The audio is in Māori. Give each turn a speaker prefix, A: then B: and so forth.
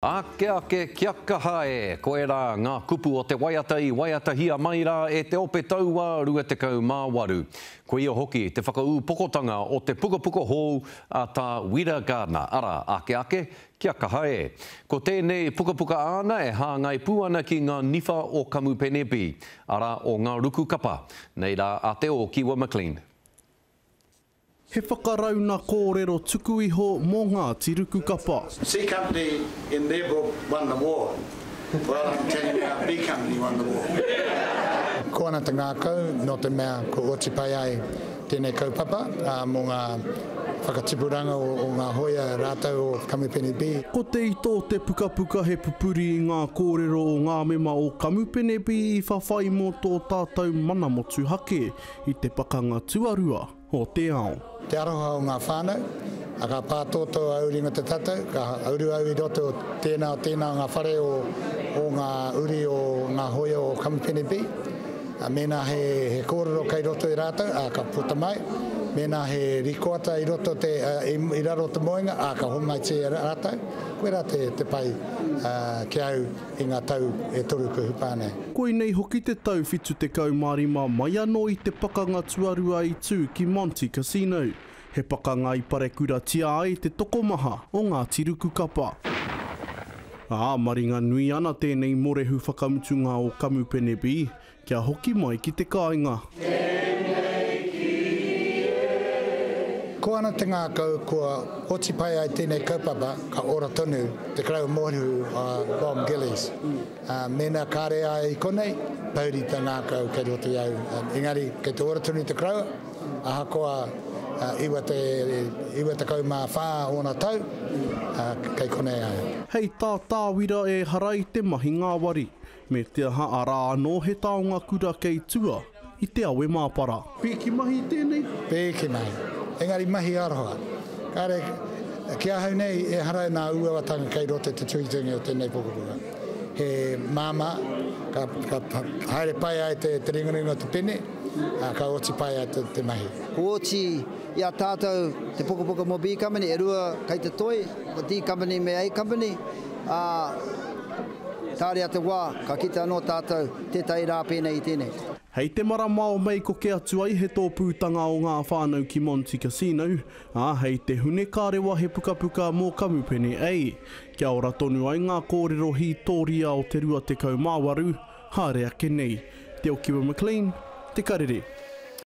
A: Ake ake kia kaha e, koe rā ngā kupu o te waiatai waiatahia mai rā e te ope taua rua te kau mā waru. Ko ia hoki te whakau pokotanga o te puka puka hou a tā Wira Gardner. Ara, ake ake kia kaha e. Ko tēnei puka puka ana e hā ngai pūana ki ngā nifa o Kamu Penepi. Ara, o ngā ruku kapa. Nei rā, a te o Kiwa McLean
B: he whakarauna kōrero tuku iho mō ngā tiruku kapa.
C: C
A: company in
C: their book won the war. Well, I'm telling you, B company won the war. ko ana te ngākau, no te mea ko oti pai ai tēnei kaupapa uh, mō ngā whakatipuranga o, o ngā hoia rātau o Kamupene B. Ko te ito te
B: pukapuka puka he pupuri i ngā kōrero o ngā mema o Kamupene B i whawhai mō tō tātou mana motu hake i te pakanga tuarua ho te ao. Te aroha
C: o ngā whānau, a ka pātoto auri ngā te tatau, ka auri auri roto o tēnā o tēnā ngā whare o, o ngā uri o ngā hoia o Kamupene B. A mena he, he kōrero kai roto i rātou, a ka puta mai mena he rikoata i roto te eh, i raro te moenga a ka hon mai te rata koe ra te, te pai eh, ke au i ngā tau e toru ko hupane
B: nei hoki te tau fitu te kau marima mai anō i te pakanga tuarua i tū ki Monte Casino he pakanga i pare tia ai te tokomaha o ngā tiruku kapa A maringa nui ana tēnei morehu whakamutunga o Kamupenebi kia
C: hoki mai ki te kāinga yeah. ko ana te ngā kau kua oti pai ai tēnei kaupapa ka ora tonu te krau mōru a uh, Bob Gillies. Uh, mēnā kāre ai i konei, pauri te ngā kau kei roti au. Uh, engari, kei te ora tonu te krau, aha koa uh, iwa te, iwa te kau mā whā ona tau, uh, kei konei ai. Hei tā
B: tā wira e harai te mahi ngā wari, me te aha a rā anō he taonga kura
C: kei tua i te awe māpara.
B: Pēki mahi tēnei? Pēki
C: mahi. Pēki mahi engari mahi aroha. Kare, kia hau nei e harai nā ua watanga kei rote te tuitenga o tēnei pokurua. He māma, ka, ka haere pai ai te te ringaringa te pene, a ka oti pai ai te, te mahi. Ko oti i a tātou te pokupoka mō B company, e rua kai te toi, o D company me A company, a, tāre atu wā, ka kita anō tātou, te tai rā pēnei i tēnei.
B: Hei te mara mao mei ko ke atu ai he tō pūtanga o ngā whānau ki Monti Casino, a hei te hune he puka puka mō kamupene ei. Kia ora tonu ai ngā kōrero hi tōria o te rua te kaumāwaru, hāre ake nei. Te o Kiwa McLean, Te karere.